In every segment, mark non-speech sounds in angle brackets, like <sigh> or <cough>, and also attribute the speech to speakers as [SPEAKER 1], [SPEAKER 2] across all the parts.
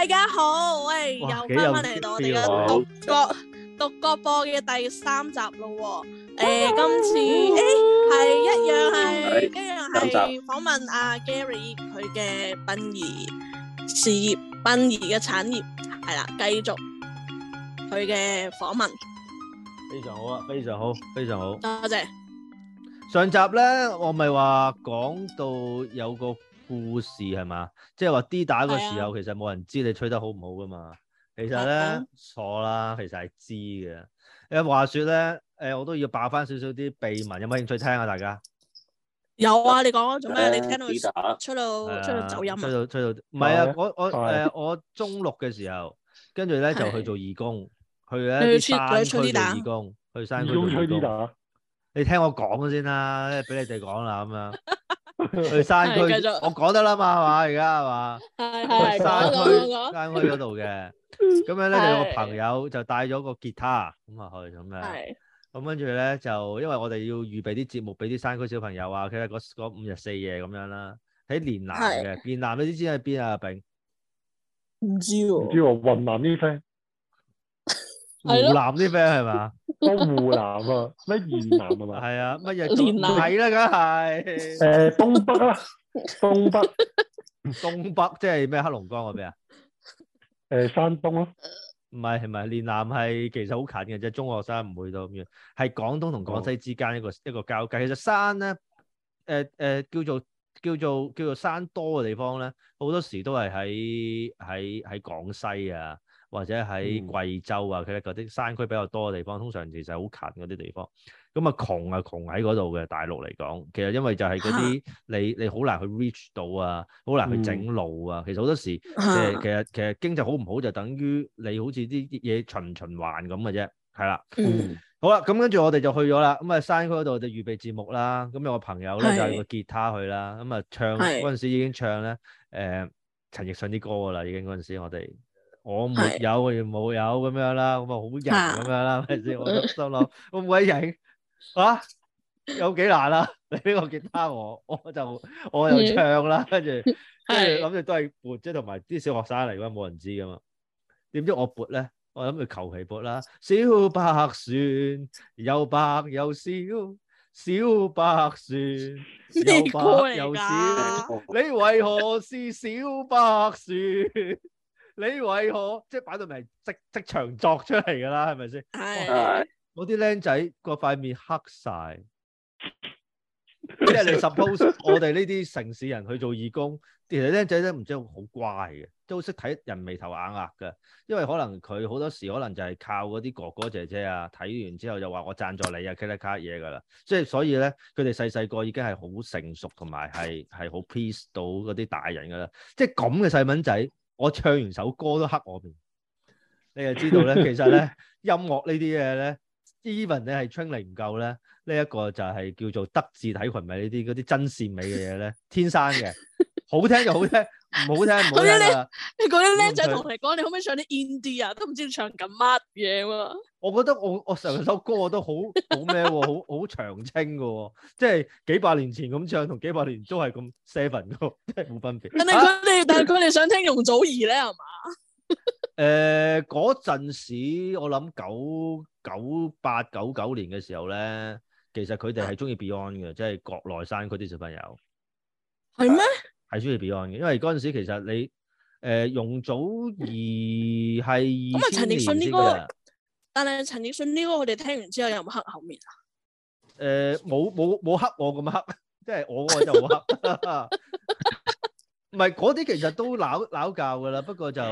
[SPEAKER 1] 大家好，我哇又翻
[SPEAKER 2] 返嚟到我哋嘅《獨
[SPEAKER 1] 角獨 <laughs> 角播嘅》第三集咯，誒、呃， <laughs> 今次係、哎、一樣係、哎、一樣係訪問阿、啊、Gary 佢嘅殯儀事業、殯儀嘅產業，係啦，繼續佢嘅訪問，
[SPEAKER 3] 非常好啊，非常好，非常好，多謝。上集咧，我咪話講到有個。故事係嘛，即係話 D 打個時候，其實冇人知你吹得好唔好噶嘛。其實咧錯啦，其實係知嘅。因為話說咧，誒，我都要爆翻少少啲秘密，有冇興趣聽啊？大家
[SPEAKER 1] 有啊，你講啊，做咩？你
[SPEAKER 3] 聽到出到出到走音啊？出到出到，唔係啊，我我誒，我中六嘅時候，跟住咧就去做義工，去一啲山區義工，去山區義工。你聽我講先啦，俾你哋講啦，咁樣。
[SPEAKER 1] 去山區，
[SPEAKER 3] 我講得啦嘛，係嘛，而家係嘛，
[SPEAKER 1] 係山區，山區嗰
[SPEAKER 3] 度嘅，
[SPEAKER 2] 咁樣咧就有個朋
[SPEAKER 3] 友就帶咗個吉他，咁啊去咁樣，咁跟住咧就，因為我哋要預備啲節目俾啲山區小朋友啊，其實嗰五日四夜咁樣啦，喺連南嘅，的連南你知唔知喺邊啊？阿炳，
[SPEAKER 2] 唔
[SPEAKER 1] 知
[SPEAKER 3] 喎、哦，唔知喎、哦，雲南呢邊。湖南啲 friend 係嘛？湖南啊，乜越南啊嘛？係 <laughs> 啊，乜嘢？連南係啦，梗係、啊。誒，東北啦，東北，東北， <laughs> 東北即係咩？黑龍江嗰邊啊？誒、啊，山東咯、啊，唔係係咪？連南係其實好近嘅啫，中學生唔會到咁遠。係廣東同廣西之間一個一個交界。其實山咧，誒、呃、誒、呃，叫做叫做叫做山多嘅地方咧，好多時都係喺喺喺廣西啊。或者喺貴州啊，佢哋嗰啲山區比較多嘅地方，通常其實好近嗰啲地方。咁啊，窮啊，窮喺嗰度嘅大陸嚟講，其實因為就係嗰啲你哈你好難去 reach 到啊，好難去整路啊。嗯、其實好多時，其實其實，其實經濟好唔好，就等於你好似啲嘢循循環咁嘅啫。係、嗯、啦，好啦，咁跟住我哋就去咗啦。咁啊，山區嗰度就預備節目啦。咁有個朋友咧是就係個吉他去啦。咁啊，唱嗰陣時已經唱咧誒、呃、陳奕迅啲歌噶啦，已經嗰陣時我哋。我沒有，我亦冇有咁樣啦，咁啊好人咁樣啦，咪先？我心諗、啊、 <laughs> 我唔鬼認啊，有幾難啊！你俾個吉他我，我就我又唱啦，跟住跟住諗住都係撥，即係，同埋啲小學生嚟，如果冇人知噶嘛，點知我撥咧？我諗住求其撥啦。 <laughs> 小白船又白又小，小白船又白 <laughs> 又小白， <laughs> 你為何是小白船？你為何即係擺到明即即場作出嚟㗎啦？係咪先？係、哦、 <laughs> 我啲僆仔個塊面黑晒。
[SPEAKER 2] 即係你 suppose 我哋
[SPEAKER 3] 呢啲城市人去做義工，其實僆仔都唔知好乖嘅，都識睇人眉頭眼額嘅，因為可能佢好多時可能就係靠嗰啲哥哥姐姐啊，睇完之後就話我贊助你啊，card 卡嘢㗎啦。即係所以咧，佢哋細細個已經係好成熟同埋係係好 peace 到嗰啲大人㗎啦。即係咁嘅細蚊仔。我唱完首歌都黑我面，你又知道咧，其實咧音樂呢啲嘢咧，even 你係 training 唔夠咧，呢、這、一個就係叫做德智體群美呢啲嗰啲真善美嘅嘢咧，天生嘅。好聽就好聽，唔好聽唔好聽 <laughs> 你嗰啲僆仔
[SPEAKER 1] 同你講，你，你可唔可以唱啲印度啊？都唔知唱緊乜嘢嘛？我
[SPEAKER 3] 覺得我我成首歌都好好咩喎，好、哦、 <laughs> 好，好長青噶、哦，即係幾百年前咁唱，同幾百年都係咁 seven 噶，真係冇分別。
[SPEAKER 1] 但係佢哋但係佢哋想聽容祖兒咧，係嘛？
[SPEAKER 3] 誒、 <laughs> 呃，嗰陣時，時我諗九九八九,九九年嘅時候咧，其實佢哋係中意 Beyond 嘅，即、就、係、是、國內山嗰啲小朋友係咩？ <laughs> 嗎 <laughs> 係中意 Beyond 嘅，因為嗰陣時其實你誒容祖兒係二千年前佢
[SPEAKER 1] 哋啦。但係陳奕迅呢個，我哋聽完之後有冇黑口面啊？
[SPEAKER 3] 誒、呃，冇冇冇黑我咁黑，即係我我就冇黑。唔係嗰啲其實都撈撈教噶啦，不過就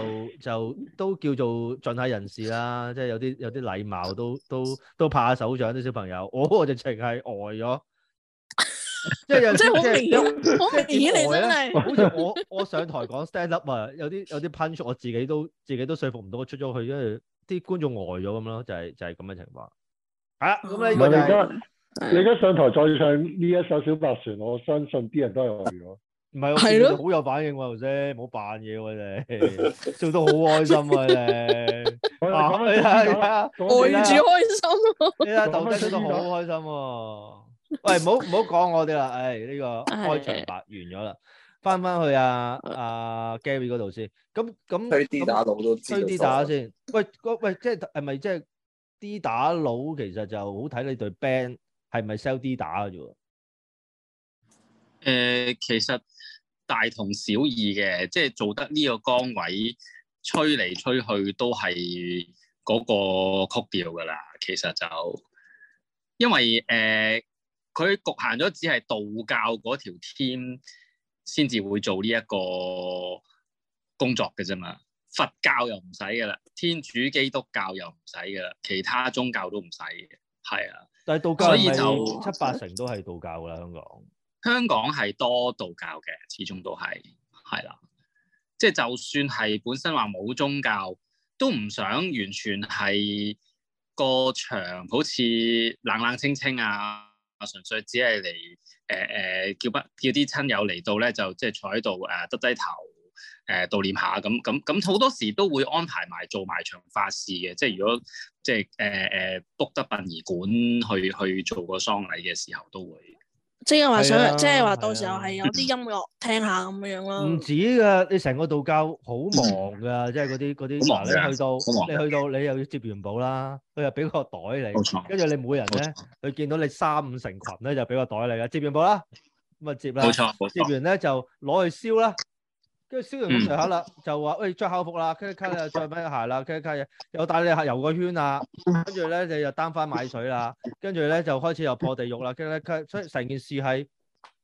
[SPEAKER 3] 就都叫做盡下人事啦，即係有啲有啲禮貌都，都都都拍下手掌啲小朋友。我直情係呆咗。
[SPEAKER 1] 即係即係好明顯，好明顯嚟，
[SPEAKER 3] 真係。好似我我上台講 stand up 啊，有啲有啲 punch，我自己都自己都說服唔到我出咗去，因為啲觀眾呆咗咁咯，就係就係咁嘅情況。啊，咁你而家你而家上台再唱呢一首小白船，我相信啲人都係呆咗。唔係，係咯，好有反應喎，頭先唔好扮嘢喎，你笑得好開心啊，你，你睇下，呆住開
[SPEAKER 1] 心，依家豆丁笑到好
[SPEAKER 3] 開心。 <laughs> 喂，唔好唔好講我哋啦，誒、哎、呢、這個開場白完咗啦，返返去啊。阿、啊、Gary 嗰度先。咁咁吹 D 打佬都知吹 D 打先 <laughs> 喂。喂，喂即係係咪即係 D 打佬其實就好睇你對 band 係咪 sell D 打嘅
[SPEAKER 4] 啫？誒、呃，其實大同小異嘅，即、就、係、是、做得呢個崗位吹嚟吹去都係嗰個曲調噶啦。其實就因為誒。呃佢局限咗，只係道教嗰條天先至會做呢一個工作嘅啫嘛，佛教又唔使嘅啦，天主基督教又唔使嘅啦，其他宗教都唔使嘅。係啊，但係
[SPEAKER 3] 道教所以就七八成都係道教啦，香港
[SPEAKER 4] 香港係多道教嘅，始終都係係啦，即係就算係本身話冇宗教，都唔想完全係個場好似冷冷清清啊～啊，純粹只係嚟，誒、呃、誒，叫不叫啲親友嚟到咧，就即係坐喺度誒，耷低頭誒、呃、悼念下咁咁咁，好多時都會安排埋做埋場法事嘅，即係如果即係誒誒 book 得殯儀館去去，去做個喪禮嘅時候都會。
[SPEAKER 1] 即係話
[SPEAKER 3] 想，即係話到時候係有啲音樂聽下咁樣樣咯。唔止㗎，你成個道教好忙㗎，即係嗰啲嗰啲。你去到，你去到你又要接元寶啦，佢又俾個袋你。冇錯。跟住你每人咧，佢見到你三五成群咧，就俾個袋你啦，接元寶啦，咁啊接啦。冇錯，冇錯。接完咧就攞去燒啦。跟住燒完咁上下啦，就話喂着校服啦，跟一跟一着咩鞋啦，跟一跟一又帶你遊個圈啦，跟住咧你又擔翻買水啦，跟住咧就開始又破地獄啦，跟一跟一所以成件事係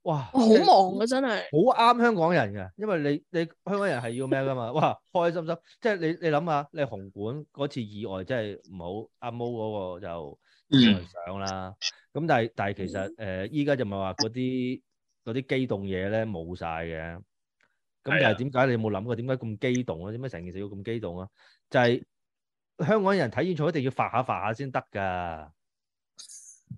[SPEAKER 1] 哇好忙噶、啊、是真係
[SPEAKER 3] 好啱香港人嘅，因為你你香港人係要咩噶嘛，哇開心心，即係你你諗下你紅館嗰次意外真係唔好，阿、啊、Mo 嗰個就上啦，咁、嗯、但係但係其實誒依家就咪話嗰啲嗰啲機動嘢咧冇晒嘅。咁但係點解？你有冇諗過點解咁激動啊？點解成件事要咁激動啊？就係香港人睇演唱一定要發下發下先得噶，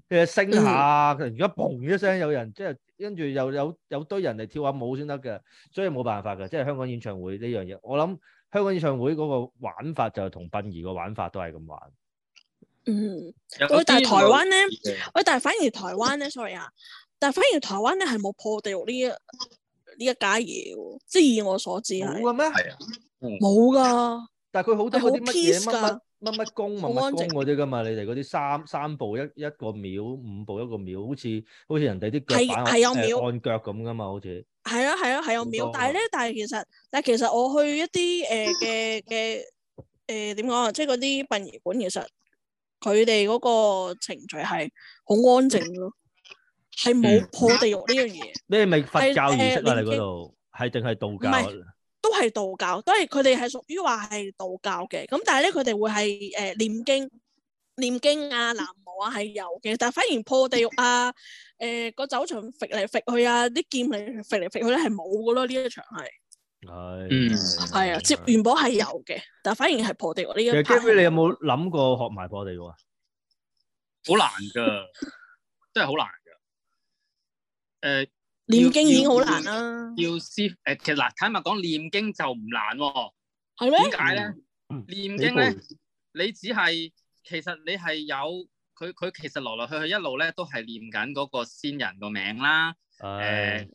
[SPEAKER 3] 其實升下如果嘣一聲有人，即係跟住又有有，有堆人嚟跳下舞先得嘅，所以冇辦法嘅。即係香港演唱會呢樣嘢，我諗香港演唱會嗰個玩法就同殯儀個玩法都係咁玩。嗯，
[SPEAKER 1] 喂，但係台灣咧，喂，但係反而台灣咧，sorry 啊， <laughs> 但係反而台灣咧係冇破地獄呢？呢個假嘢喎，即係以我所知係冇噶咩？啊，冇噶、嗯。的但係佢好多好啲乜嘢乜乜乜乜工，乜乜工嘅
[SPEAKER 3] 啫嘛。你哋嗰啲三三步一一個廟，五步一個廟，好似好似人哋啲腳，誒按腳咁噶嘛，好似。
[SPEAKER 1] 係啊係啊係有廟，但係咧，但係其實，但係其實我去一啲誒嘅嘅誒點講啊，即係嗰啲殯儀館，其實佢哋嗰個程序係好安靜咯。係冇破地獄
[SPEAKER 3] 呢樣嘢。 <laughs> 你係咪佛教儀式啊？你嗰度係定係道教？
[SPEAKER 1] 都係道教，都係佢哋係屬於話係道教嘅。咁但係咧，佢哋會係誒念經、念經啊、南無啊係有嘅。但係反而破地獄啊，誒、呃、個走場揈嚟揈去啊，啲劍嚟揈嚟揈去咧係冇噶咯。呢一場係係、啊、 <laughs> 嗯係啊，接元寶係有嘅，但係反而係破地獄呢一
[SPEAKER 3] part。你有冇諗過學埋破地獄啊？好難噶，
[SPEAKER 4] 真係好難。誒，呃、念經已經好難啦、啊，要師誒，其實嗱，坦白講，念經就唔難喎、哦，係咩嗎？點解咧？嗯、念經咧，嗯、你只係其實你係有佢佢其實來來去去一路咧都係念緊嗰個先人個名啦，誒、哎，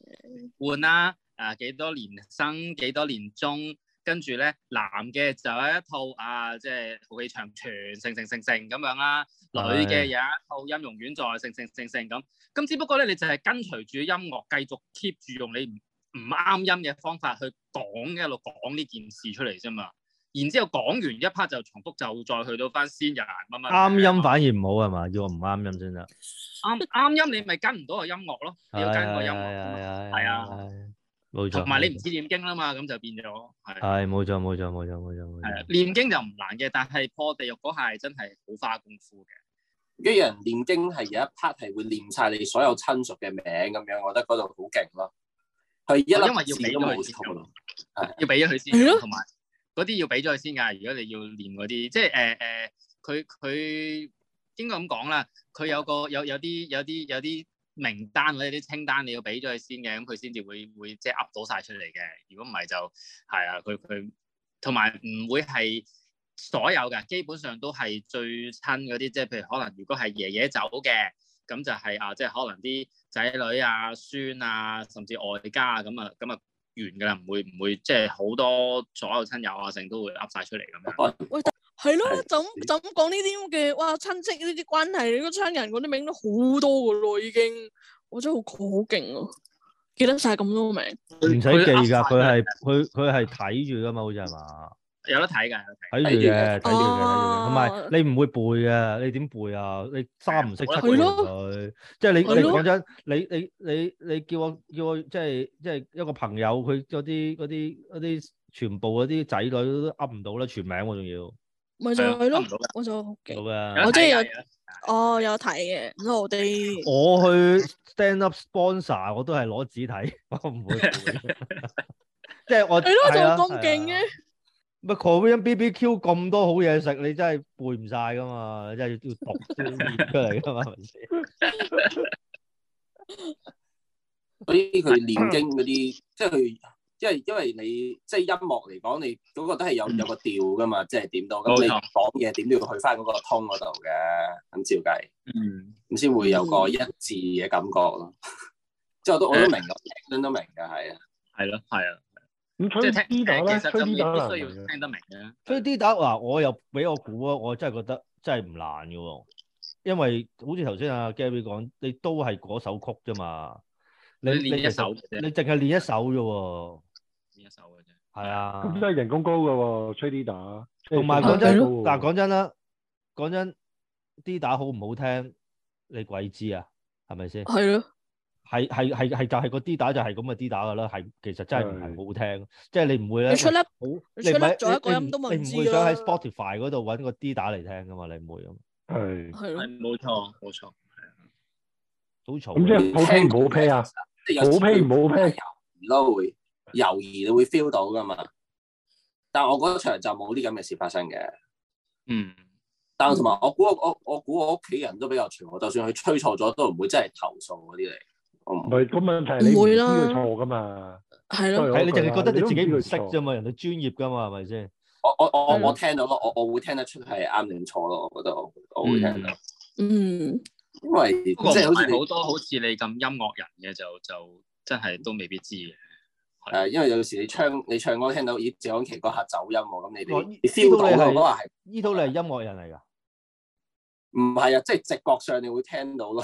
[SPEAKER 4] 換、呃、啦，啊，幾多年生幾多年終。跟住咧，男嘅就有一套啊，即係浩氣長存，成成成成咁樣啦；女嘅有一套音容宛在，成成成成咁。咁只不過咧，你就係跟隨住音樂，繼續 keep 住用你唔唔啱音嘅方法去講一路講呢件事出嚟啫嘛。然之後講完一 part 就重複，就再去到翻先人。啱
[SPEAKER 3] 音反而唔好係嘛？要唔啱音先得？
[SPEAKER 4] 啱啱音你咪跟唔到個音樂咯，要跟個音樂。
[SPEAKER 3] 係啊、哎。冇錯，同埋你唔止
[SPEAKER 4] 念經啦嘛，咁就變咗係
[SPEAKER 3] 係冇錯冇錯冇錯冇錯，係
[SPEAKER 4] 念經就唔難嘅，但係破地獄嗰下真係好花功夫嘅。跟住人念經係有一
[SPEAKER 2] part 係會念晒你所有親屬嘅名咁樣，我覺得
[SPEAKER 4] 嗰度好勁咯。
[SPEAKER 2] 係一粒字都冇錯咯，因為要俾咗佢先，同
[SPEAKER 4] 埋嗰啲要俾咗佢先噶。如果你要念嗰啲，即係誒誒，佢佢應該咁講啦，佢有個有有啲有啲有啲。名單或者啲清單你要俾咗佢先嘅，咁佢先至會會即係噏到晒出嚟嘅。如果唔係就係啊，佢佢同埋唔會係所有嘅，基本上都係最親嗰啲，即係譬如可能如果係爺爺走嘅，咁就係啊，即係可能啲仔女啊、孫啊，甚至外家啊，咁啊，咁啊。完噶啦，唔會唔會即係好多所有親友啊，成都會噏晒出嚟咁樣。喂，
[SPEAKER 1] 係咯，就咁講呢啲咁嘅哇親戚呢啲關係，你個親人嗰啲名都好多㗎咯，已經，我真係好勁啊，記得晒咁多名。唔
[SPEAKER 3] 使記㗎，佢係佢佢係睇住㗎嘛，好似係嘛。
[SPEAKER 4] 有
[SPEAKER 1] 得睇嘅，
[SPEAKER 3] 睇住嘅，睇住嘅，睇住嘅。同埋你唔會背啊，你點背啊？你三唔識七嘅佢，即係你你講真，你你你你叫我叫我即係即係一個朋友，佢嗰啲嗰啲嗰啲全部嗰啲仔女都噏唔到啦，全名我仲要，
[SPEAKER 1] 咪就係咯，我就好勁。好啊，我即係，哦有睇嘅，我哋
[SPEAKER 3] 我去 stand up sponsor，我都係攞紙睇，我唔會背，即係我係咯，就咁勁嘅。咪 BBQ 咁多好嘢食，你真係背唔晒噶嘛？真係要，要讀出嚟噶
[SPEAKER 2] 嘛？係咪佢練經嗰啲，即係佢，即係因為你即係音樂嚟講，你嗰個都係有有個調噶嘛，即係點都咁你講嘢點都要去翻嗰個通嗰度嘅，咁照計，咁先、嗯、會有一個一致嘅感覺咯。即 <laughs> 係 <laughs> 我都我都明噶，我都明噶，係啊、嗯，係咯，係、exactly. 啊。
[SPEAKER 3] 咁吹 D 打咧，吹 D 打需要聽得明嘅。吹 D 打嗱，我又俾我估啊，我真係覺得真係唔難嘅喎。因為好似頭先阿 Gary 講，你都係嗰首曲啫嘛。你練一首，你淨係練一首啫喎。練一首嘅啫。係啊。咁真係人工高嘅喎，吹 D 打。同埋講真，但係講真啦，講真，真，真 D 打好唔好聽，你鬼知啊？係咪先？係咯。係係係係，就係個 D 打就係咁嘅 D 打噶啦。係其實真係唔係好好聽，即係你唔會咧。你出甩好，你出甩咗一個音都唔知。你唔會想喺 Spotify 嗰度搵個 D 打嚟聽噶嘛？你唔會咁
[SPEAKER 2] 係係咯，冇錯冇錯，係啊，好嘈。咁即係好 play 唔好 play 啊！即係有好 play 唔好 play，猶豫會猶豫你會 feel 到噶嘛？但我嗰場就冇啲咁嘅事發生嘅。嗯，但係同埋我估我我我估我屋企人都比較全，就算佢吹錯咗，都唔會真係投訴嗰啲嚟。唔係個問題，你知佢錯噶嘛？係咯，係你淨係覺得你自己唔識啫
[SPEAKER 3] 嘛？人哋專業噶嘛，係咪先？
[SPEAKER 2] 我我我我聽到咯，我
[SPEAKER 4] 我會聽得出係啱定錯咯。我覺得我我會聽到。嗯，因為即係好似好多好似你咁音樂人嘅就就真係都未必知
[SPEAKER 2] 嘅。誒，因為有時你唱你唱歌聽到，咦？謝安琪嗰下走音喎，咁你哋，你 feel 到嘅話係？依到你係音樂人嚟噶？唔係啊，即係直覺上你會聽到咯。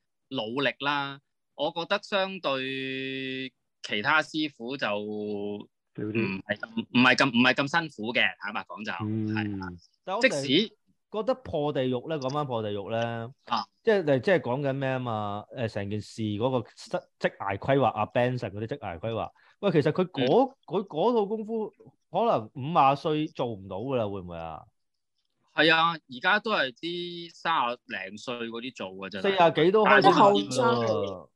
[SPEAKER 4] 努力啦，我覺得相對其他師傅就唔係咁唔係咁唔係咁辛苦嘅，坦白講
[SPEAKER 3] 就係即使覺得破地獄咧，講翻破地獄咧、啊，即係即係講緊咩啊嘛？誒、呃，成件事嗰個職涯規劃啊 Benson 嗰啲職涯規劃，喂，其實佢嗰佢套功夫可能五廿歲做唔到噶啦，會唔會啊？
[SPEAKER 4] 係啊，而家都係啲卅零歲嗰啲做噶啫，四十幾都係是後生上，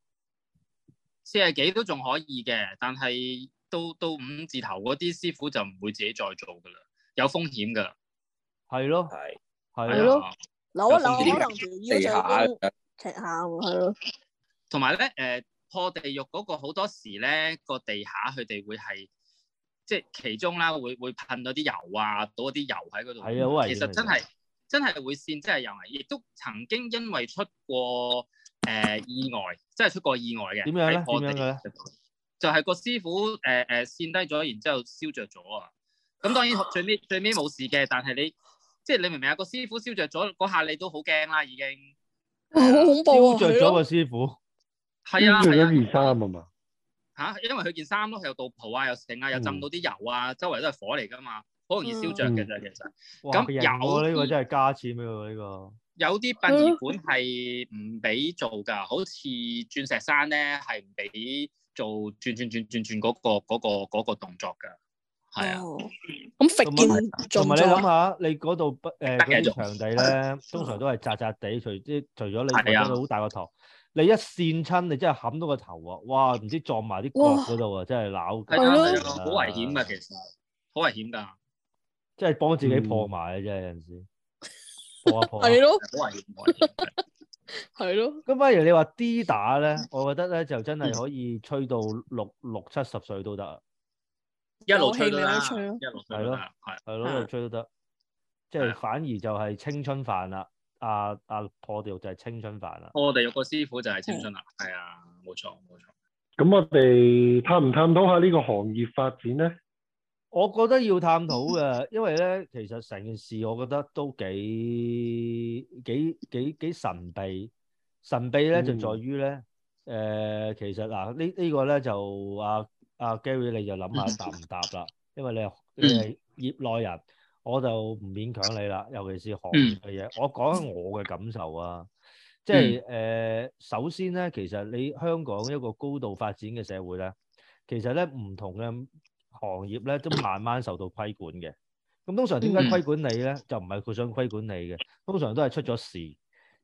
[SPEAKER 4] 四十幾都仲可以嘅，但係到到五字頭嗰啲師傅就唔會自己再做噶啦，有風險噶啦，係咯，係係咯，扭一
[SPEAKER 1] 扭可能條腰就踢下，係咯。
[SPEAKER 4] 同埋咧，誒破地獄嗰個好多時咧個地下佢哋會係。即係其中啦，會會噴到啲油啊，倒啲油喺嗰度。係啊，好危險。其實真係、啊、真係會跣，真係有危，亦都一聲曾經因為出過誒、欸、意外，真係出過意外嘅。點樣咧？點樣咧？我就係個師傅誒誒跣低咗，然之後燒着咗啊！咁一聲當然最尾最尾冇事嘅，但係你即係你明唔明啊？個師傅燒着咗嗰下，你都好驚啦已經。
[SPEAKER 1] 好恐
[SPEAKER 4] 怖啊！燒著咗個師傅。係啊。著一二
[SPEAKER 3] 三啊嘛。一聲
[SPEAKER 4] 嚇、啊，因為佢件衫咯，有道，道袍啊，有成啊，有浸到啲油啊，周圍都係火嚟噶嘛，好容易燒着嘅咋，其實。咁油呢個真係
[SPEAKER 3] 加錢㗎、啊、喎，呢、這個。
[SPEAKER 4] 有啲殯儀館係唔俾做㗎，啊、好似鑽石山咧係唔俾做轉轉轉轉轉嗰、那個嗰、那個那個動作㗎。係啊。咁揈煙，同埋你諗下，
[SPEAKER 3] 你嗰度不誒嗰個場地咧，嗯、通常都係窄窄地，除之除咗你，除咗好大個堂。你一扇親，你真係冚到個頭啊。哇，唔知撞埋啲角嗰度啊，哇真係攪好危險噶，
[SPEAKER 4] 其實好危險㗎，即係幫自己破
[SPEAKER 3] 埋啊！嗯、真係有陣時破一破係咯，
[SPEAKER 1] 係咯。
[SPEAKER 3] 咁不如你話 D 打咧，我覺得咧就真係可以吹到六六七十歲都得，
[SPEAKER 2] 一路吹啦，一路
[SPEAKER 3] 吹係咯，係係咯，一路吹都得，即係 <laughs> 反而就係青春飯啦。啊阿破調就係青春飯啦，
[SPEAKER 4] 我哋有個師傅就係青春、嗯、啊，係啊，冇錯冇
[SPEAKER 3] 錯。咁我哋探唔探討下呢個行業發展咧？我覺得要探討嘅，因為咧，其實成件事我覺得都幾幾幾幾神秘，神秘咧就在於咧，誒、嗯呃，其實嗱，這個、呢呢個咧就啊啊 Gary，你就諗下答唔答啦，嗯、因為你係、嗯、你係業內人。我就唔勉強你啦，尤其是行業嘅嘢，嗯、我講下我嘅感受啊。嗯、即係誒、呃，首先咧，其實你香港一個高度發展嘅社會咧，其實咧唔同嘅行業咧都慢慢受到規管嘅。咁通常點解規管你咧？嗯、就唔係佢想規管你嘅，通常都係出咗事，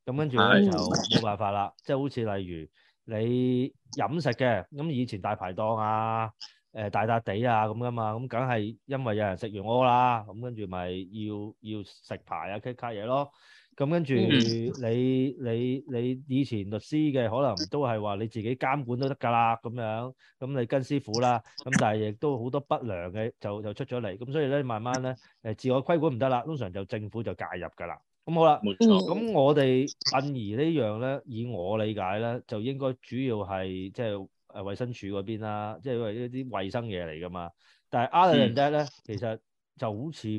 [SPEAKER 3] 咁跟住咧就冇辦法啦。即係、哎、呦好似例如你飲食嘅，咁以前大排檔啊。誒大笪地啊咁噶嘛，咁梗係因為有人食完屙啦，咁跟住咪要要食牌啊，kick 卡嘢咯。咁跟住你你你以前律師嘅可能都係話你自己監管都得㗎啦，咁樣咁你跟師傅啦。咁但係亦都好多不良嘅就就出咗嚟，咁所以咧慢慢咧誒自我規管唔得啦，通常就政府就介入㗎啦。咁好啦，咁我哋殯儀呢樣咧，以我理解咧，就應該主要係即係，誒衛生署嗰邊啦，即係因為呢啲衞生嘢嚟噶嘛。但係 Alan、Jack 咧，其實就好似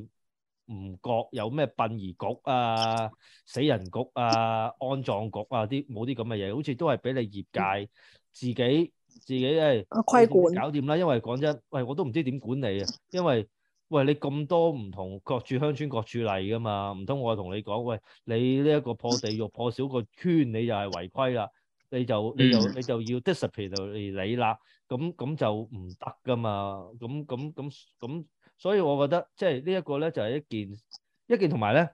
[SPEAKER 3] 唔覺有咩殯儀局啊、死人局啊、安葬局啊啲冇啲咁嘅嘢，好似都係俾你業界、嗯、自己自己誒、哎、規管搞掂啦。因為講真，喂，我都唔知點管理啊。因為喂你咁多唔同各處鄉村各處例嚟噶嘛，唔通我同你講，喂，你呢一個破地獄破少個圈，你就係違規啦。你就你就你就要 discipline 嚟理啦，咁咁就唔得噶嘛，咁咁咁咁，所以我覺得即係呢一個咧就係一件一件，同埋咧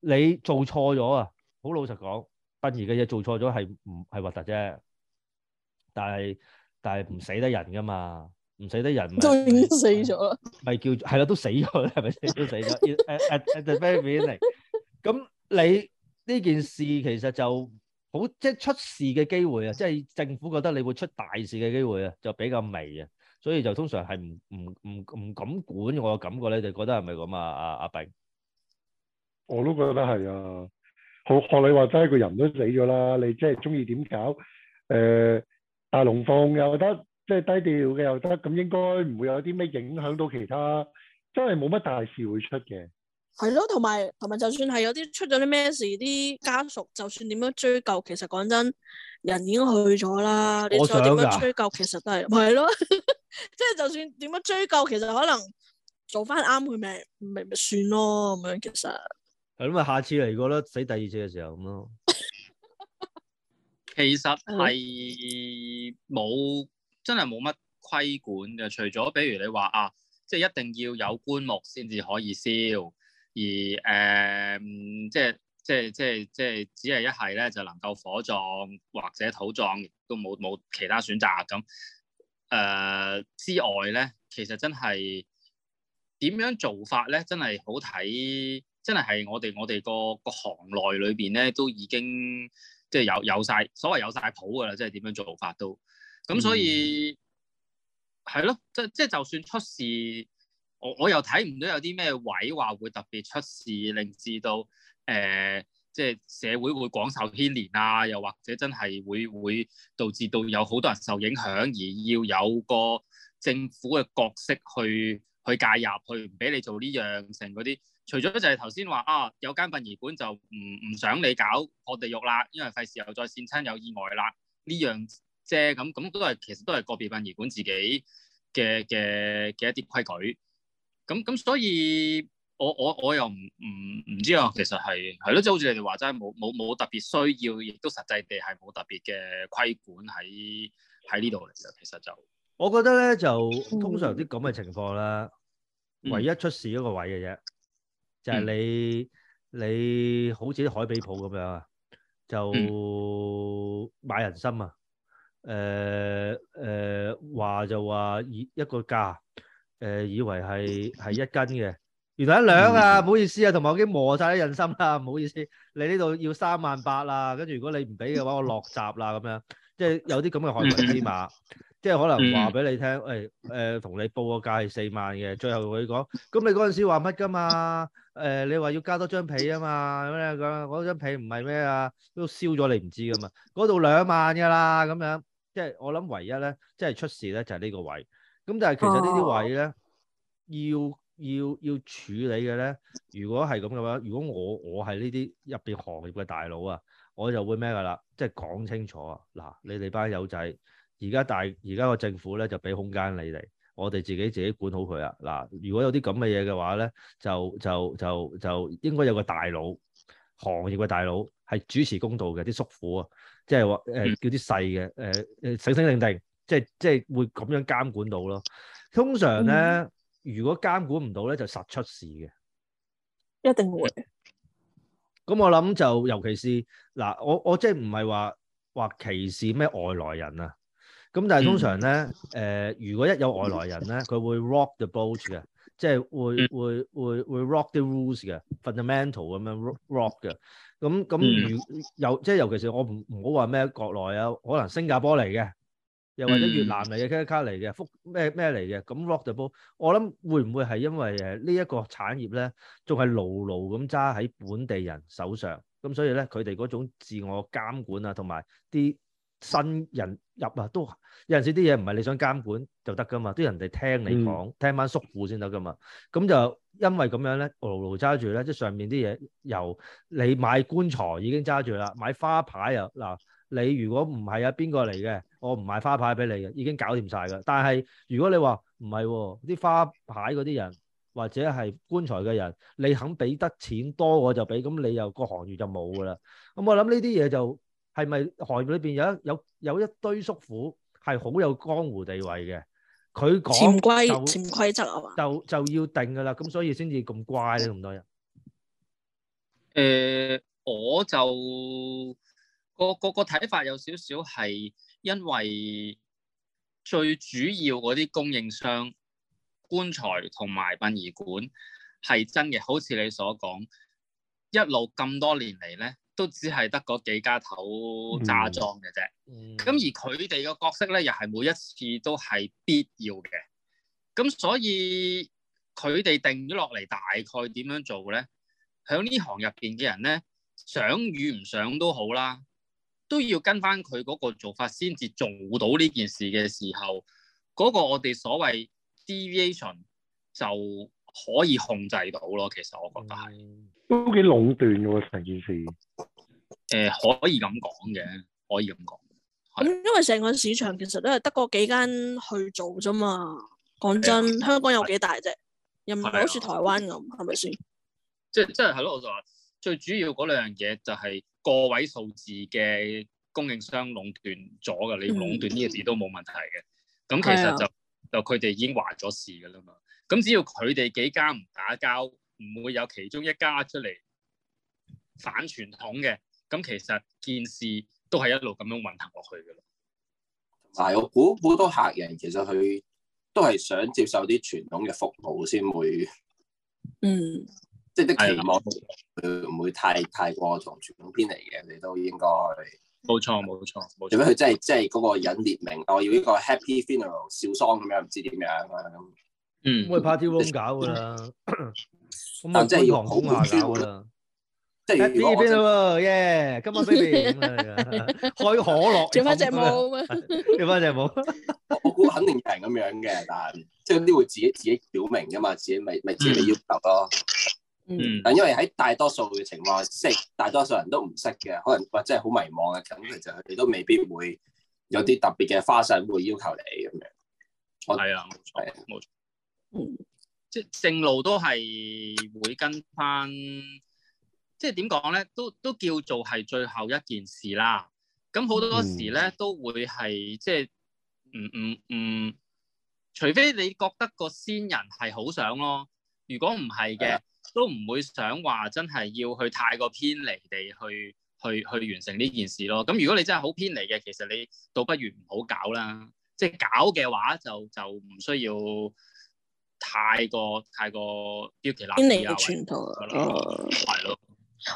[SPEAKER 3] 你做錯咗啊，好老實講，不義嘅嘢做錯咗係唔係核突啫，但係但係唔死得人噶嘛，唔死得人都已經死咗啦，咪叫係啦，都死咗啦，係咪先？都死咗，誒誒誒，at the very beginning，咁你呢件事其實就～好即係出事嘅機會啊，即係政府覺得你會出大事嘅機會啊，就比較微啊，所以就通常係唔唔唔唔敢管。我嘅感覺咧就覺得係咪咁啊？阿阿炳，
[SPEAKER 2] 我都覺得係啊。好學你話齋，個人都死咗啦。
[SPEAKER 3] 你即係中意點搞？誒、呃，大龍鳳又得，即係低調嘅又得。咁應該唔會有啲咩影響到其他，真係冇乜大事會出嘅。
[SPEAKER 1] 係咯，同埋同埋，就算係有啲出咗啲咩事，啲家屬就算點樣追究，其實講真，人已經去咗啦，你再點樣追究，其實都係係咯，即係 <laughs> 就算點樣追究，其實可能做翻啱佢命，咪咪算咯
[SPEAKER 4] 咁樣。其實
[SPEAKER 3] 係咁啊，下次嚟過啦，死第二次嘅時候咁咯。
[SPEAKER 4] <laughs> 其實係冇真係冇乜規管嘅，除咗比如你話啊，即係一定要有棺木先至可以燒。而誒、呃，即係即係即係即係，只係一係咧，就能夠火葬或者土葬，亦都冇冇其他選擇咁。誒、呃、之外咧，其實真係點樣做法咧，真係好睇，真係係我哋我哋個個行內裏邊咧，都已經即係有有晒所謂有晒譜㗎啦，即係點樣做法都。咁所以係、嗯、咯，即即係就算出事，我我又睇唔到有啲咩位話會特別出事，令至到誒、呃、即係社會會廣受牽連啊，又或者真係會會導致到有好多人受影響，而要有個政府嘅角色去去介入，去唔俾你做呢樣成嗰啲。除咗就係頭先話啊，有間殯儀館就唔唔想你搞破地獄啦，因為費事又再傷親有意外啦呢樣啫。咁咁都係其實都係個別殯儀館自己嘅嘅嘅一啲規矩。咁咁，所以我我我又唔唔唔知啊，其實係係咯，即係好似你哋話齋，冇冇冇特別需要，亦都實際地係冇特別嘅規管喺喺呢度嚟嘅。其實就我覺
[SPEAKER 3] 得咧，就通常啲咁嘅情況啦，嗯、
[SPEAKER 4] 唯一
[SPEAKER 3] 出事嗰個位嘅啫，就係你你好似啲海比普咁樣啊，就、嗯、買人心啊，誒誒話就話以一個價。誒，以為係係一斤嘅，原來一兩啊，唔好意思啊，同埋我已經磨晒啲人心啦，唔好意思，你呢度要三萬八啦，跟住如果你唔俾嘅話，我落閘啦，咁樣，即係有啲咁嘅害群之馬，即係可能話俾你聽，誒，誒，同你報個價係四萬嘅，最後佢講，咁你嗰陣時話乜噶嘛？誒，你話要加多張被啊嘛？咁你講嗰張被唔係咩啊？都燒咗你唔知噶嘛？嗰度兩萬噶啦，咁樣，即係我諗唯一咧，即係出事咧就係呢個位。咁但係其實呢啲位咧，要要要處理嘅咧，如果係咁嘅話，如果我我係呢啲入邊行業嘅大佬啊，我就會咩噶啦，即係講清楚啊！嗱，你哋班友仔，而家大而家個政府咧就俾空間你哋，我哋自己自己管好佢啊！嗱，如果有啲咁嘅嘢嘅話咧，就就就就就應該有個大佬，行業嘅大佬係主持公道嘅啲叔父啊，即係話誒叫啲細嘅誒誒醒醒定定。呃晶晶晶晶晶即係即係會咁樣監管到咯。通常咧，如果監管唔到咧，就實出事嘅，一定會。咁我諗就尤其是嗱，我我即係唔係話話歧視咩外來人啊？咁但係通常咧，誒如果一有外來人咧，佢會 rock the boat 嘅，即係會會會會 rock the rules 嘅，fundamental 咁樣 rock rock 嘅。咁咁如有即係尤其是我唔唔好話咩國內啊，可能新加坡嚟嘅。又或者越南嚟嘅，卡卡嚟嘅，福咩咩嚟嘅？咁 rock the ball，我諗會唔會係因為誒呢一個產業咧，仲係牢牢咁揸喺本地人手上，咁所以咧佢哋嗰種自我監管啊，同埋啲新人入啊，都有陣時啲嘢唔係你想監管就得噶嘛，都要人哋聽你講，嗯、聽翻叔父先得噶嘛。咁就因為咁樣咧，牢牢揸住咧，即係上面啲嘢由你買棺材已經揸住啦，買花牌又、啊、嗱。你如果唔係啊，邊個嚟嘅？我唔買花牌俾你嘅，已經搞掂曬噶。但係如果你話唔係喎，啲花牌嗰啲人或者係棺材嘅人，你肯俾得錢多，我就俾。咁你又個行業就冇噶啦。咁我諗呢啲嘢就係咪行業裏邊有一有有一堆叔父係好有江湖地位嘅？佢講潛規潛規則啊嘛，就就要定噶啦。咁所以先至咁乖咧，咁多人。
[SPEAKER 4] 誒，我就。個個個睇法有少少，係因為最主要嗰啲供應商、棺材同埋殯儀館係真嘅，好似你所講，一路咁多年嚟咧，都只係得嗰幾家頭揸莊嘅啫。咁、嗯嗯、而佢哋個角色咧，又係每一次都係必要嘅。咁所以佢哋定咗落嚟，大概點樣做咧？響呢行入邊嘅人咧，想與唔想都好啦。都要跟翻佢嗰個做法先至做到呢件事嘅時候，嗰個我哋所謂 deviation 就可以控制到咯。其實我覺得係都幾壟斷嘅成件事。誒、呃，可以咁講嘅，可以咁講。
[SPEAKER 1] 咁、嗯、因為成個市場其實都係得嗰幾間去做啫嘛。講真，嗯、香港有幾大啫，嗯、又唔係好似台灣咁，係咪先？
[SPEAKER 4] 即即係係咯，我就話。最主要嗰兩樣嘢就係個位數字嘅供應商壟斷咗嘅，嗯、你壟斷呢個字都冇問題嘅。咁、嗯、其實就的就佢哋已經話咗事嘅啦嘛。咁只要佢哋幾家唔打交，唔會有其中一家出嚟反傳統嘅。咁其實件事都係一路咁樣運行落去嘅。
[SPEAKER 2] 係、啊，我估好
[SPEAKER 4] 多客人其實佢
[SPEAKER 2] 都係想接受啲傳統嘅服務先會。嗯。即係的確，佢唔會太太過同傳統偏嚟嘅，你都應該冇錯，冇錯。做咩佢真係即係嗰個人列明我要呢個 Happy Funeral 笑喪咁樣，唔知點樣啊？
[SPEAKER 3] 嗯。咁你 Party Room 搞㗎啦，咁啊即係要好恐怖啦。即係 Happy Funeral 耶！今晚死面啊，開可樂。做翻隻舞啊！做翻隻舞，
[SPEAKER 2] 我估肯定唔係咁樣嘅，但係即係啲會自己自己表明㗎嘛，自己咪咪自己要求咯。嗯，但，因為喺大多數嘅情況，識、嗯、大多數人都唔識嘅，可能或者係好迷茫嘅，咁其實佢哋都未必會有啲特別嘅花式會要求你咁樣。係啊，
[SPEAKER 4] 冇錯，冇錯，即係正路都係會跟翻，即係點講咧，都都叫做係最後一件事啦。咁好多時咧、嗯、都會係即係，嗯嗯嗯,嗯，除非你覺得個先人係好想咯，如果唔係嘅。嗯都唔會想話真係要去太過偏離地去去去完成呢件事咯。咁如果你真係好偏離嘅，其實你倒不如唔好搞啦。即係搞嘅話就，就就唔需要太過太過標奇立異啊。偏離嘅傳統哦，係咯。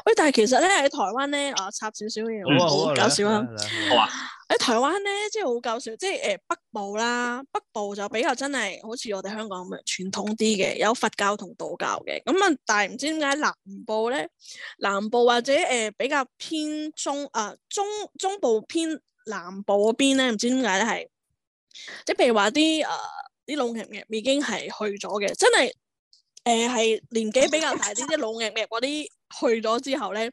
[SPEAKER 1] 喂，但係其實咧，喺台灣咧，啊插少少嘢好搞笑啊！好啊。喺台灣咧，即係好搞笑，即係誒北部啦，北部就比較真係好似我哋香港咁樣傳統啲嘅，有佛教同道教嘅。咁啊，但係唔知點解南部咧，南部或者誒比較偏中啊中中部偏南部嗰邊咧，唔知點解咧係，即係譬如話啲誒啲老爺爺已經係去咗嘅，真係誒係年紀比較大啲啲老爺爺嗰啲去咗之後咧。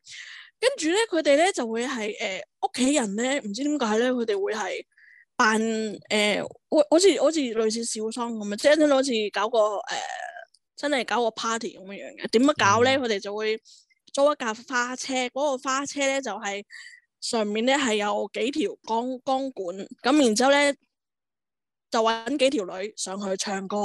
[SPEAKER 1] 跟住咧，佢哋咧就會係誒屋企人咧，唔知點解咧，佢哋會係扮誒，我、呃、好似好似類似小喪咁嘅，即係真好似搞個誒、呃、真係搞個 party 咁樣樣嘅。點樣搞咧？佢哋、嗯、就會租一架花車，嗰、那個花車咧就係、是、上面咧係有幾條鋼鋼管咁，然之後咧就揾幾條女上去唱歌，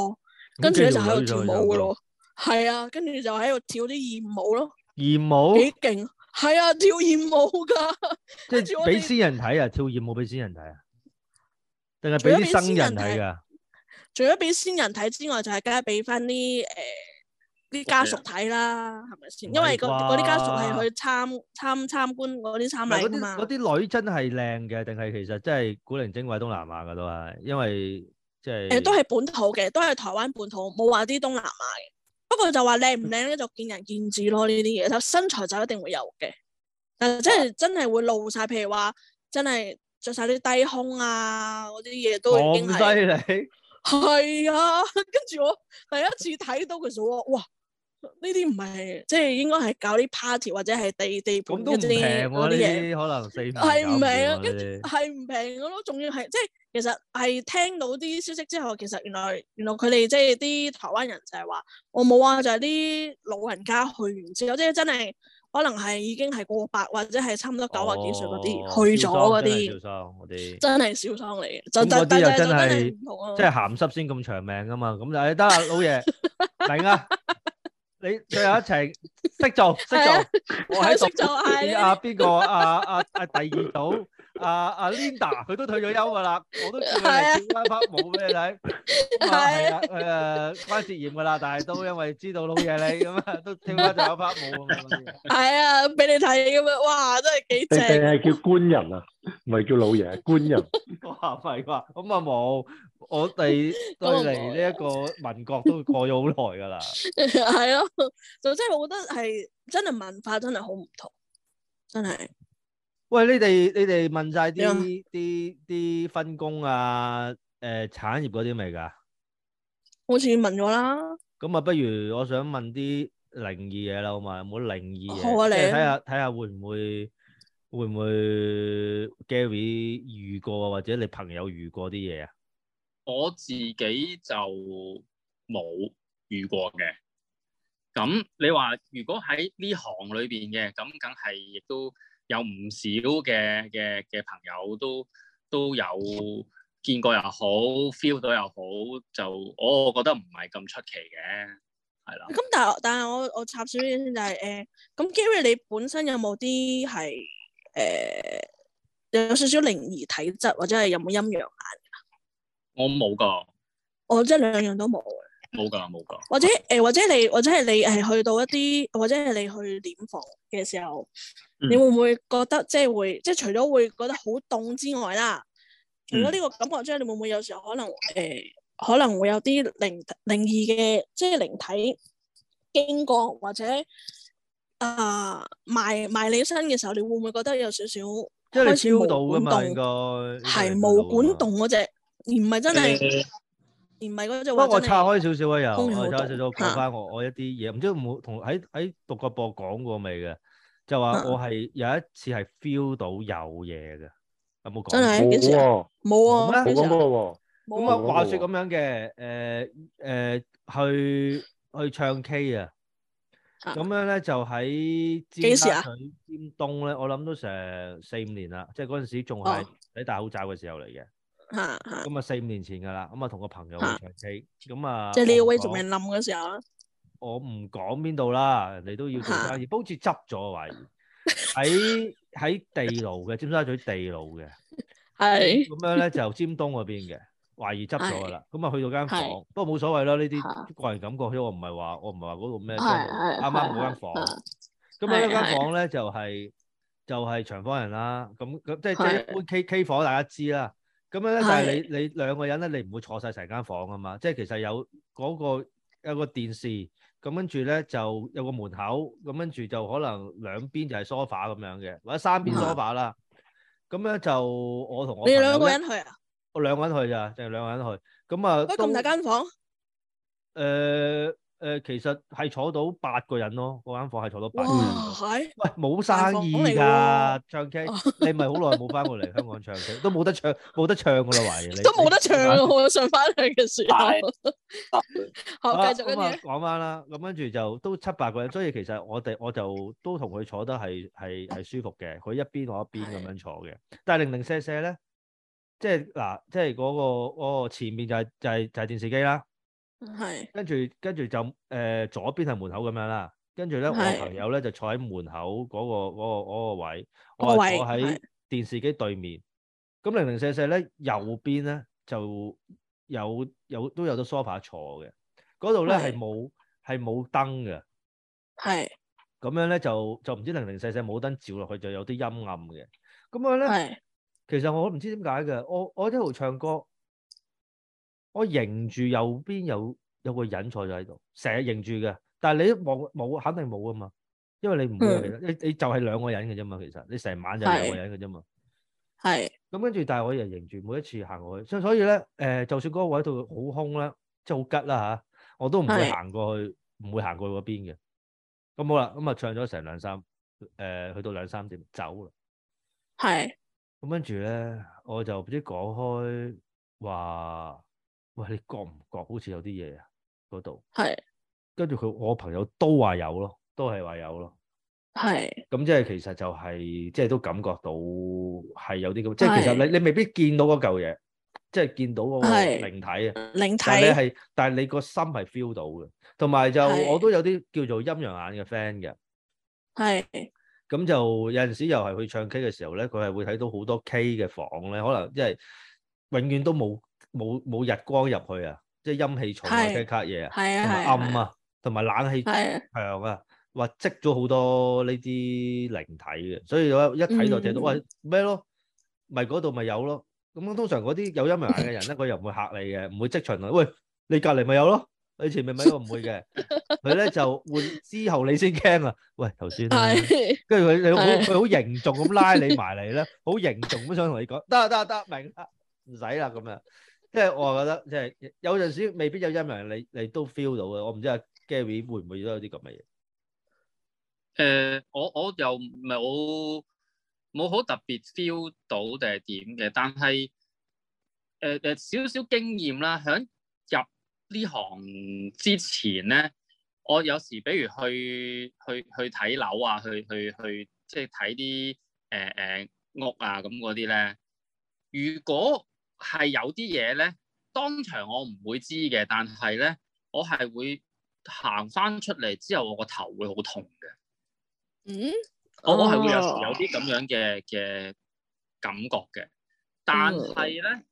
[SPEAKER 1] 跟住就喺度跳舞嘅咯。係、嗯、啊，跟住就喺度跳啲艷舞咯，
[SPEAKER 3] 艷舞幾
[SPEAKER 1] 勁。係啊，跳艷舞噶，即係俾先
[SPEAKER 3] 人睇啊，跳艷舞俾先人睇啊，定係俾啲生人睇噶？
[SPEAKER 1] 除咗俾先人睇之外就，就係梗係俾翻啲誒啲家屬睇啦，係咪先？因為嗰啲家屬係去參參參觀嗰啲參禮嘛。嗰啲女
[SPEAKER 3] 真係靚嘅，定係其實真係古靈精怪東南亞噶都係，因為即係誒都係
[SPEAKER 1] 本土嘅，都係台灣本土，冇話啲東南亞嘅。不過就話靚唔靚咧，就見仁見智咯呢啲嘢。就身材就一定會有嘅，但即係真係會露晒。譬如話真係着晒啲低胸啊，嗰啲嘢都已經係。咁犀利？係啊，跟住我第一次睇到佢數，哇！呢啲唔係，即係應該係搞啲 party 或者係地地盤高啲嗰啲嘢，
[SPEAKER 3] 可能四係唔平啊？跟住
[SPEAKER 1] 係唔平噶咯，仲要係即係。其實係聽到啲消息之後，其實原來原來佢哋即係啲台灣人就係話，我冇啊，就係啲老人家去完之後，即係真係可能係已經係過百或者係差唔多九啊幾歲嗰啲去咗嗰啲，
[SPEAKER 3] 真
[SPEAKER 1] 係笑喪嚟嘅，就就、嗯、就真係、啊、即係
[SPEAKER 3] 咸濕先咁長命噶嘛，咁就誒得啊，老爺明啊，你最後一齊識做識做，識做，我喺識做，阿邊個阿阿阿第二度。阿阿 Linda 佢都退咗休噶啦，我都叫佢嚟跳翻翻舞俾你睇，係啊，誒，關節炎噶啦，但係都因為知道老爺你咁啊，都跳翻咗一 part
[SPEAKER 1] 舞啊，係啊，俾你睇咁啊，哇，真係幾正，係叫官人啊，
[SPEAKER 3] 唔係叫老爺，官人，我話係啩，咁啊冇，我哋對嚟呢一個民國都過咗好耐噶啦，
[SPEAKER 1] 係咯，就真係我覺得係真係文化真係好唔同，真係。喂，你哋你哋問晒啲
[SPEAKER 3] 啲啲分工啊，誒、呃、產業嗰啲未㗎？好
[SPEAKER 1] 似問咗啦。
[SPEAKER 3] 咁啊，不如我想問啲靈異嘢啦，好嘛？有冇靈異嘢？好啊，你，睇下睇下會唔會會唔會 Gary 遇過啊？或者你朋友遇過啲嘢啊？
[SPEAKER 4] 我自己就冇遇過嘅。咁你話如果喺呢行裏邊嘅，咁梗係亦都。有唔少嘅嘅嘅朋友都都有見過又好 feel 到又好就我我覺得唔係咁出奇嘅
[SPEAKER 1] 係啦。咁但但係我我插少少先就係誒，咁、呃、Gary 你本身有冇啲係誒有、呃、有少少靈異體質或者係有冇陰陽眼？
[SPEAKER 4] 我冇噶，
[SPEAKER 1] 我即係兩樣都冇。
[SPEAKER 4] 冇㗎，冇㗎。
[SPEAKER 1] 或者誒、呃，或者你，或者係你係去到一啲，或者係你去殮房嘅時候，嗯、你會唔會覺得即係會，即、就、係、是、除咗會覺得好凍之外啦，除咗呢個感覺之外，你會唔會有時候可能誒、呃，可能會有啲靈靈異嘅，即、就、係、是、靈體經過或者啊埋埋你身嘅時候，你會唔會覺得有少少即係超度嘅
[SPEAKER 3] 凍，係毛、這個、管
[SPEAKER 1] 凍嗰隻，而唔係真係。呃唔係嗰就，不過我拆開少少啊，又，拆開少
[SPEAKER 3] 少講翻我我一啲嘢，唔知有冇同喺喺讀個播講過未嘅？就話我係有一次係 feel 到有嘢嘅，有冇講？真係幾時啊？冇啊，幾時啊？冇啊。
[SPEAKER 4] 咁啊，話説
[SPEAKER 3] 咁樣嘅，誒誒，去去唱 K 啊，
[SPEAKER 2] 咁
[SPEAKER 3] 樣咧就喺尖沙咀、尖東咧，我諗都成四五年啦，即係嗰陣時仲係喺戴口罩嘅時候嚟嘅。吓吓，咁啊四五年前噶啦，咁啊同個朋友去唱 K，咁啊即係你嗰位仲未冧嗰時候？我唔講邊度啦，你都要做生意。懷疑好似執咗啊，懷疑喺喺地牢嘅尖沙咀地牢嘅，
[SPEAKER 2] 係咁
[SPEAKER 3] 樣咧就尖東嗰邊嘅，懷疑執咗噶啦。咁啊去到間房，不過冇所謂啦，呢啲個人感覺，所以我唔係話我唔係話嗰度咩，即係啱啱嗰間房。
[SPEAKER 2] 咁啊，一間
[SPEAKER 3] 房咧就係就係長方人啦，咁咁即係即係一般 K K 房大家知啦。咁樣咧，就係你你兩個人咧，你唔會坐晒成間房噶嘛？即係其實有嗰、嗰個有個電視，咁跟住咧就有個門口，咁跟住就可能兩邊就係 sofa 咁樣嘅，或者三邊 sofa 啦。咁 <laughs> 樣就我同我哋兩個人
[SPEAKER 2] 去
[SPEAKER 3] 啊？我兩個人去咋，就兩個人去。咁啊，都咁大間房。誒。呃誒，其實係坐到八個人咯，嗰間房係坐到八個人。喂，冇生意㗎，唱 K，你咪好耐冇翻過嚟香港唱 K，都冇得唱，冇得唱㗎啦，懷疑你都冇得唱喎，
[SPEAKER 1] 上翻去嘅時候。好，繼續嗰啲。
[SPEAKER 3] 講翻啦，咁跟住就都七八個人，所以其實我哋我就都同佢坐得係係係舒服嘅，佢一邊我一邊咁樣坐嘅。但係零零舍舍咧，即係嗱，即係嗰個前面就係就係就係電視機啦。係，跟住跟住就誒、呃，左邊係門口咁樣啦，跟住咧是我朋友咧就坐喺門口嗰、嗰個個、嗰個位，我坐喺電視機對面。咁是零零四四咧，右邊咧就有有都有得 sofa 坐嘅，嗰度咧係冇係冇燈嘅。
[SPEAKER 1] 係是，
[SPEAKER 3] 咁是樣咧就就唔知零零四四冇燈照落去就有啲陰暗嘅。
[SPEAKER 1] 咁啊咧，
[SPEAKER 3] 是其實我唔知點解嘅，我我一路唱歌。我迎住右邊有有個人坐咗喺度，成日迎住嘅。但係你望冇，肯定冇啊嘛，因為你唔會、嗯你，你你就係兩個人嘅啫嘛。其實你成晚就兩個人嘅啫嘛。
[SPEAKER 1] 係。
[SPEAKER 3] 咁跟住，但係、嗯、我又迎住，每一次行過去，所以所以咧，誒、呃，就算嗰個位度好空啦，即係好吉啦嚇，我都唔會行過去，唔是會行過去嗰邊嘅。咁、嗯、好啦，咁、嗯、啊唱咗成兩三誒、呃，去到兩三點走啦。
[SPEAKER 1] 係是。
[SPEAKER 3] 咁跟住咧，我就唔知講開話。喂，你覺唔覺好似有啲嘢啊？嗰度係，跟住佢，我朋友都話有咯，都係話有咯。
[SPEAKER 1] 係是。
[SPEAKER 3] 咁即係其實就係、是，即係都感覺到係有啲咁，是即係其實你你未必見到嗰嚿嘢，即係見到嗰個靈體啊。靈體但。但你係，但係你個心係 feel 到嘅。同埋就我都有啲叫做陰陽眼嘅 friend 嘅。
[SPEAKER 1] 係是。
[SPEAKER 3] 咁就有陣時又係去唱 K 嘅時候咧，佢係會睇到好多 K 嘅房咧，可能即係永遠都冇。冇冇日光入去啊，即係陰氣重嘅卡嘢啊，暗啊，同埋冷氣長啊，話積咗好多呢啲靈體嘅，所以我一睇就睇到，喂咩咯，咪嗰度咪有咯，咁通常嗰啲有陰陽眼嘅人咧，佢又唔會吓你嘅，唔會積群啊，喂你隔籬咪有咯，你前面咪一個唔會嘅，佢咧就會之後你先驚啊，喂頭先，跟住佢佢好佢好凝重咁拉你埋嚟咧，好凝重咁想同你講，得得得明啦，唔使啦咁樣。即係我覺得，即係有陣時未必有陰陽你，你你都 feel 到嘅。我唔知阿 Gary 會唔會都有啲咁嘅嘢。
[SPEAKER 4] 誒、呃，我我又唔冇好特別 feel 到定係點嘅，但係誒誒少少經驗啦。響入呢行之前咧，我有時比如去去去睇樓啊，去去去即係睇啲誒誒屋啊咁嗰啲咧，如果係有啲嘢咧，當場我唔會知嘅，但係咧，我係會行翻出嚟之後，我個頭會好痛嘅。嗯，
[SPEAKER 3] 我我係會有時有啲
[SPEAKER 4] 咁樣嘅嘅感覺嘅。但係咧，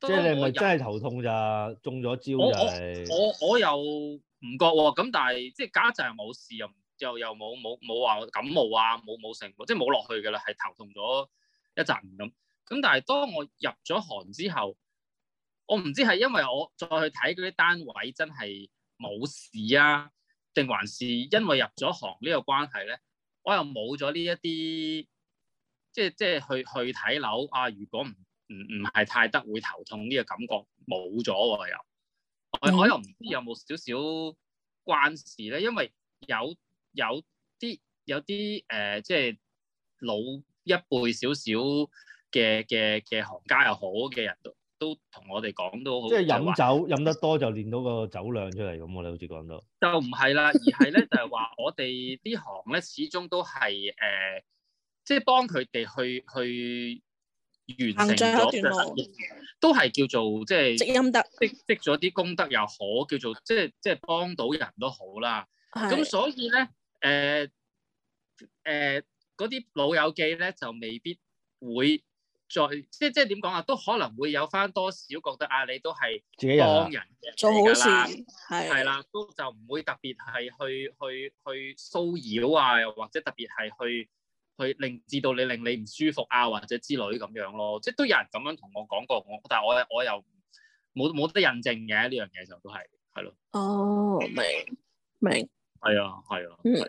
[SPEAKER 4] 即係你咪真係頭
[SPEAKER 3] 痛咋？中咗
[SPEAKER 4] 招我我又唔覺喎，咁但係即係隔一陣又冇事，又又又冇冇冇話感冒啊，冇冇成，即係冇落去㗎啦，係頭痛咗一陣咁。咁但係當我入咗行之後，我唔知係因為我再去睇嗰啲單位真係冇事啊，定還是因為入咗行呢個關係咧，我又冇咗呢一啲，即係即係去去睇樓啊。如果唔唔唔係太得會頭痛呢個感覺冇咗喎，又，我我又唔知有冇少少關事咧，因為有有啲有啲誒、呃，即係老一輩少少。嘅嘅嘅行家又好嘅人都都同我哋講都好，即係飲酒
[SPEAKER 3] 飲得多就練到個酒量出嚟咁。我哋好似講到
[SPEAKER 4] 就唔係啦，而係咧就係、是、話我哋啲行咧始終都係誒，即、呃、係、就是、幫佢哋去去完成咗，段都係叫做即係積陰德，積積咗啲功德又好，叫做即係即係幫到人都好啦。咁是所以咧誒誒嗰啲老友記咧就未必會。再即即係點講啊？都可能會有翻多少覺得啊，你都係自己幫人做好事係係啦，都就唔會特別係去去去騷擾啊，或者特別係去去令至到你令你唔舒服啊，或者之類咁樣咯。即係都有人咁樣同我講過，我但係我我又冇冇得印證嘅呢樣嘢就都係係咯。哦，oh，明明。係啊，
[SPEAKER 1] 係啊，啊嗯，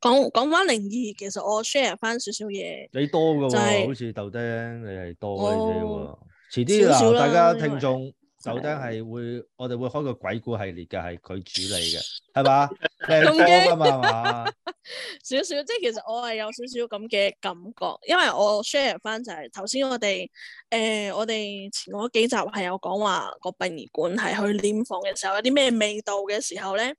[SPEAKER 1] 講講翻靈異，其實我 share 翻少少嘢，
[SPEAKER 3] 你多噶，啊，就是，好似豆丁，你係多嘅，啊，遲啲嗱，些為大家聽眾為豆丁係會，啊，我哋會開個鬼故系列嘅，係佢主理嘅，係 <laughs> 嘛，靚哥噶嘛，係嘛，
[SPEAKER 1] 少少，即係其實我係有少少咁嘅感覺，因為我 share 翻就係頭先我哋誒，呃，我哋前嗰幾集係有講話個殯儀館係去殮房嘅時候有啲咩味道嘅時候咧。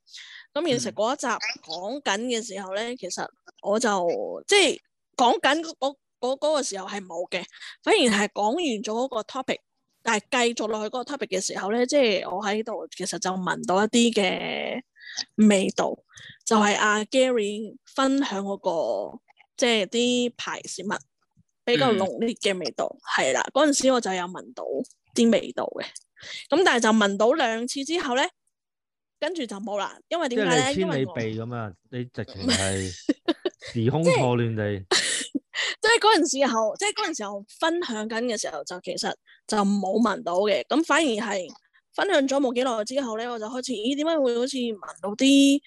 [SPEAKER 1] 咁其實嗰一集講緊嘅時候咧，其實我就即係講緊嗰、嗰、嗰、個嗰個嗰個時候係冇嘅，反而係講完咗嗰個 topic，但係繼續落去嗰個 topic 嘅時候咧，即係我喺度其實就聞到一啲嘅味道，就係、係、阿、啊、Gary 分享嗰、嗰個即係啲排泄物
[SPEAKER 4] 比較濃烈
[SPEAKER 1] 嘅味道，係啦、嗯，嗰陣時我就有聞到啲味道嘅，咁但係就聞到兩次之後咧。跟住就冇啦，因為點解咧？因為 <laughs> 你避
[SPEAKER 3] 咁啊，你直情係時空錯亂地。
[SPEAKER 1] 即係嗰陣時候，即係嗰陣時候分享緊嘅時候，就其實就冇聞到嘅。咁反而係分享咗冇幾耐之後咧，我就開始咦點解會好似聞到啲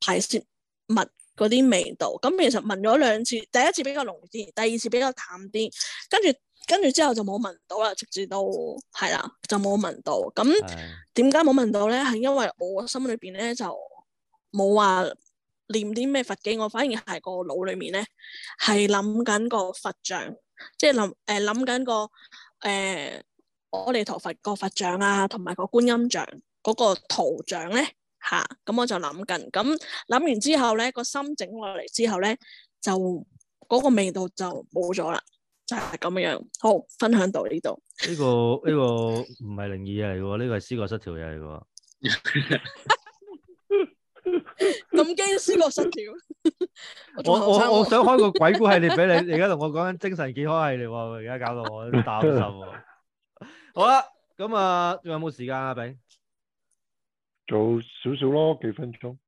[SPEAKER 1] 排泄物嗰啲味道？咁其實聞咗兩次，第一次比較濃啲，第二次比較淡啲，跟住。跟住之後就冇聞到啦，直至到係啦就冇聞到。咁點解冇聞到咧？係因為我心裏邊咧就冇話念啲咩佛經，我反而係個腦裏面咧係諗緊個佛像，即係諗誒諗緊個誒阿彌陀佛個佛像啊，同埋個觀音像嗰個圖像咧吓，咁我就諗緊，咁諗完之後咧個心整落嚟之後咧就嗰個味道就冇咗啦。就係
[SPEAKER 3] 咁樣，好，分享到呢度。呢、 <laughs> 這個呢、這個唔係靈異嘢嚟嘅，呢、這個係思覺失調嘢嚟嘅。
[SPEAKER 1] 咁 <laughs> 驚 <laughs> 思覺失調？ <laughs> 我我我想開個鬼故系列俾你。你而
[SPEAKER 3] 家同我講緊精神健康系列喎，而家搞到我都擔心。 <laughs> 好啦，咁啊，仲有冇時間啊，炳？做少少咯，幾分鐘。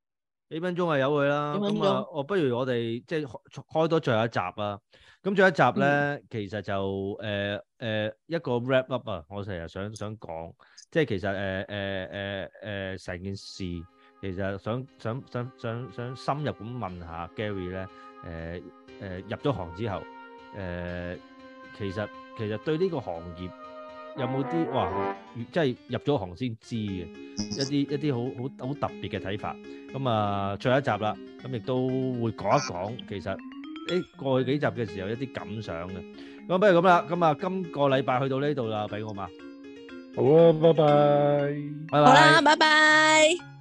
[SPEAKER 3] 幾分鐘啊，有佢啦。咁啊，我不如我哋即係開多最後一集啊。咁最後一集咧，其實就誒誒一個 wrap up 啊，我成日想想講，即係其實誒誒誒誒成件事，其實想想想想想深入咁問下 Gary 咧，誒誒入咗行之後，誒其實其實對呢個行業有冇啲哇，即係入咗行先知嘅一啲一啲好好好特別嘅睇法。咁啊，最後一集啦，咁亦都會講一講其實。誒過去幾集嘅時候有一啲感想嘅，咁不如咁啦，咁啊今個禮拜去到呢度啦，俾我嘛。好啊，拜拜。拜拜。好啦，拜
[SPEAKER 1] 拜。